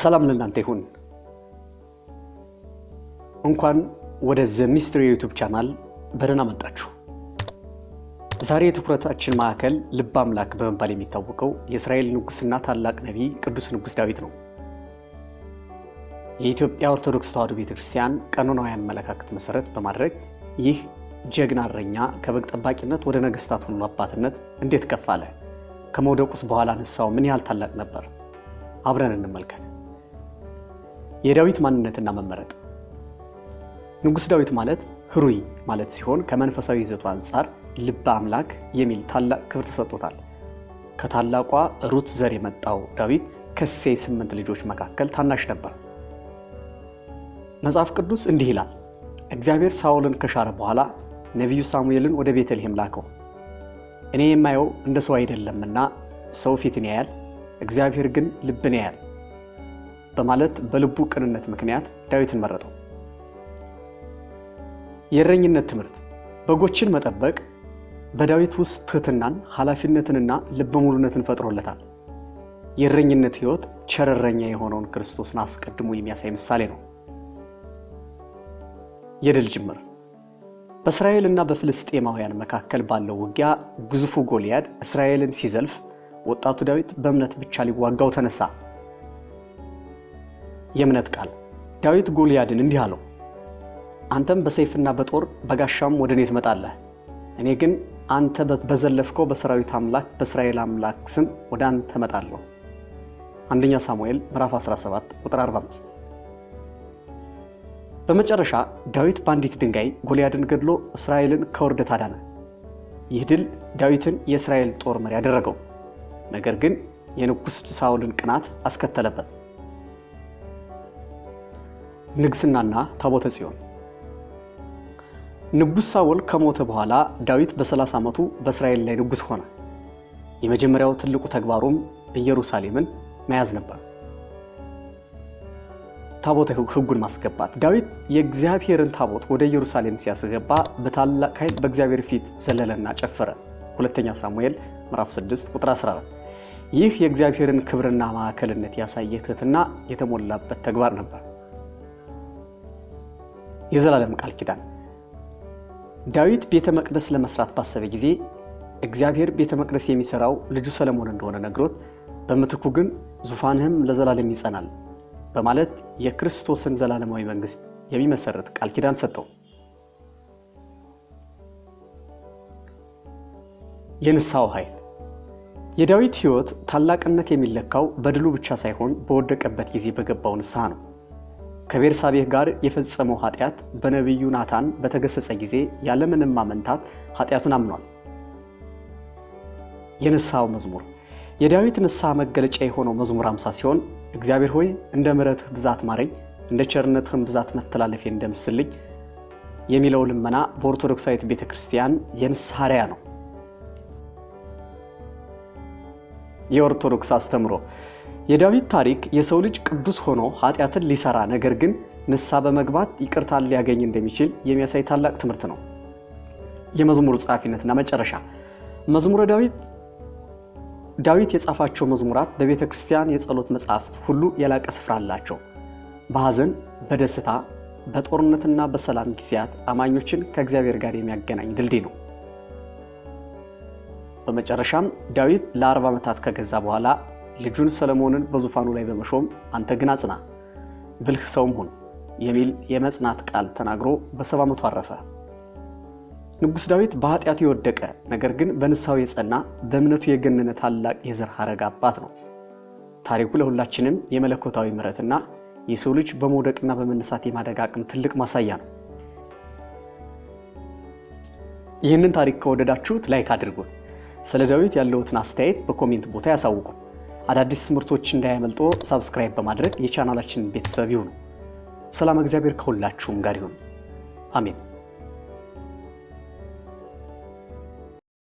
ሰላም ለእናንተ ይሁን። እንኳን ወደ ዘ ሚስትሪ ዩቱብ ቻናል በደህና መጣችሁ። ዛሬ የትኩረታችን ማዕከል ልበ አምላክ በመባል የሚታወቀው የእስራኤል ንጉሥና ታላቅ ነቢይ ቅዱስ ንጉሥ ዳዊት ነው። የኢትዮጵያ ኦርቶዶክስ ተዋሕዶ ቤተክርስቲያን ቀኖናዊ አመለካከት መሰረት በማድረግ ይህ ጀግና እረኛ ከበግ ጠባቂነት ወደ ነገስታት ሁሉ አባትነት እንዴት ከፍ አለ? ከመውደቁስ በኋላ ንሳው ምን ያህል ታላቅ ነበር? አብረን እንመልከት። የዳዊት ማንነትና መመረጥ ንጉሥ ዳዊት ማለት ህሩይ ማለት ሲሆን ከመንፈሳዊ ይዘቱ አንጻር ልበ አምላክ የሚል ታላቅ ክብር ተሰጥቶታል። ከታላቋ ሩት ዘር የመጣው ዳዊት ከእሴይ ስምንት ልጆች መካከል ታናሽ ነበር። መጽሐፍ ቅዱስ እንዲህ ይላል፣ እግዚአብሔር ሳውልን ከሻረ በኋላ ነቢዩ ሳሙኤልን ወደ ቤተልሔም ላከው። እኔ የማየው እንደ ሰው አይደለምና ሰው ፊትን ያያል፣ እግዚአብሔር ግን ልብን ያያል በማለት በልቡ ቅንነት ምክንያት ዳዊትን መረጠው። የእረኝነት ትምህርት በጎችን መጠበቅ በዳዊት ውስጥ ትህትናን፣ ኃላፊነትንና ልበ ሙሉነትን ፈጥሮለታል። የእረኝነት ሕይወት ቸር እረኛ የሆነውን ክርስቶስን አስቀድሞ የሚያሳይ ምሳሌ ነው። የድል ጅምር በእስራኤል እና በፍልስጤማውያን መካከል ባለው ውጊያ ግዙፉ ጎልያድ እስራኤልን ሲዘልፍ ወጣቱ ዳዊት በእምነት ብቻ ሊዋጋው ተነሳ። የእምነት ቃል ዳዊት ጎልያድን እንዲህ አለው፣ አንተም በሰይፍና በጦር በጋሻም ወደ እኔ ትመጣለህ፣ እኔ ግን አንተ በዘለፍከው በሰራዊት አምላክ በእስራኤል አምላክ ስም ወደ አንተ እመጣለሁ። አንደኛ ሳሙኤል ምዕራፍ 17 ቁጥር 45። በመጨረሻ ዳዊት በአንዲት ድንጋይ ጎልያድን ገድሎ እስራኤልን ከውርደት አዳነ። ይህ ድል ዳዊትን የእስራኤል ጦር መሪ ያደረገው፣ ነገር ግን የንጉሥ ሳውልን ቅናት አስከተለበት። ንግስናና ታቦተ ጽዮን ንጉሥ ሳውል ከሞተ በኋላ ዳዊት በ30 ዓመቱ በእስራኤል ላይ ንጉሥ ሆነ። የመጀመሪያው ትልቁ ተግባሩም ኢየሩሳሌምን መያዝ ነበር፣ ታቦተ ሕጉን ማስገባት። ዳዊት የእግዚአብሔርን ታቦት ወደ ኢየሩሳሌም ሲያስገባ በታላቅ ኃይል በእግዚአብሔር ፊት ዘለለና ጨፈረ። ሁለተኛ ሳሙኤል ምዕራፍ 6 ቁጥር 14። ይህ የእግዚአብሔርን ክብርና ማዕከልነት ያሳየ ትህትና የተሞላበት ተግባር ነበር። የዘላለም ቃል ኪዳን ዳዊት ቤተ መቅደስ ለመስራት ባሰበ ጊዜ እግዚአብሔር ቤተ መቅደስ የሚሰራው ልጁ ሰለሞን እንደሆነ ነግሮት በምትኩ ግን ዙፋንህም ለዘላለም ይጸናል በማለት የክርስቶስን ዘላለማዊ መንግስት የሚመሰረት ቃል ኪዳን ሰጠው። የንስሐው ኃይል የዳዊት ሕይወት ታላቅነት የሚለካው በድሉ ብቻ ሳይሆን በወደቀበት ጊዜ በገባው ንስሐ ነው። ከቤርሳቤህ ጋር የፈጸመው ኃጢአት በነቢዩ ናታን በተገሰጸ ጊዜ ያለምንም ማመንታት ኃጢአቱን አምኗል። የንስሐው መዝሙር የዳዊት ንስሐ መገለጫ የሆነው መዝሙር አምሳ ሲሆን እግዚአብሔር ሆይ እንደ ምረትህ ብዛት ማረኝ፣ እንደ ቸርነትህም ብዛት መተላለፌን እንደምስልኝ የሚለው ልመና በኦርቶዶክሳዊት ቤተ ክርስቲያን የንስሐ አርአያ ነው። የኦርቶዶክስ አስተምሮ የዳዊት ታሪክ የሰው ልጅ ቅዱስ ሆኖ ኃጢአትን ሊሰራ ነገር ግን ንሳ በመግባት ይቅርታን ሊያገኝ እንደሚችል የሚያሳይ ታላቅ ትምህርት ነው። የመዝሙር ጸሐፊነትና መጨረሻ መዝሙረ ዳዊት ዳዊት የጻፋቸው መዝሙራት በቤተ ክርስቲያን የጸሎት መጻሕፍት ሁሉ የላቀ ስፍራ አላቸው። በሐዘን፣ በደስታ፣ በጦርነትና በሰላም ጊዜያት አማኞችን ከእግዚአብሔር ጋር የሚያገናኝ ድልድይ ነው። በመጨረሻም ዳዊት ለአርባ ዓመታት ከገዛ በኋላ ልጁን ሰለሞንን በዙፋኑ ላይ በመሾም አንተ ግን አጽና፣ ብልህ ሰውም ሁን የሚል የመጽናት ቃል ተናግሮ በሰባ ዓመቱ አረፈ። ንጉሥ ዳዊት በኃጢአቱ የወደቀ ነገር ግን በንስሐው የጸና በእምነቱ የገነነ ታላቅ የዘር ሐረግ አባት ነው። ታሪኩ ለሁላችንም የመለኮታዊ ምሕረትና የሰው ልጅ በመውደቅና በመነሳት የማደግ አቅም ትልቅ ማሳያ ነው። ይህንን ታሪክ ከወደዳችሁት ላይክ አድርጉት። ስለ ዳዊት ያለውትን አስተያየት በኮሜንት ቦታ ያሳውቁ። አዳዲስ ትምህርቶች እንዳያመልጦ ሳብስክራይብ በማድረግ የቻናላችን ቤተሰብ ይሁኑ። ሰላም፣ እግዚአብሔር ከሁላችሁም ጋር ይሁን። አሜን።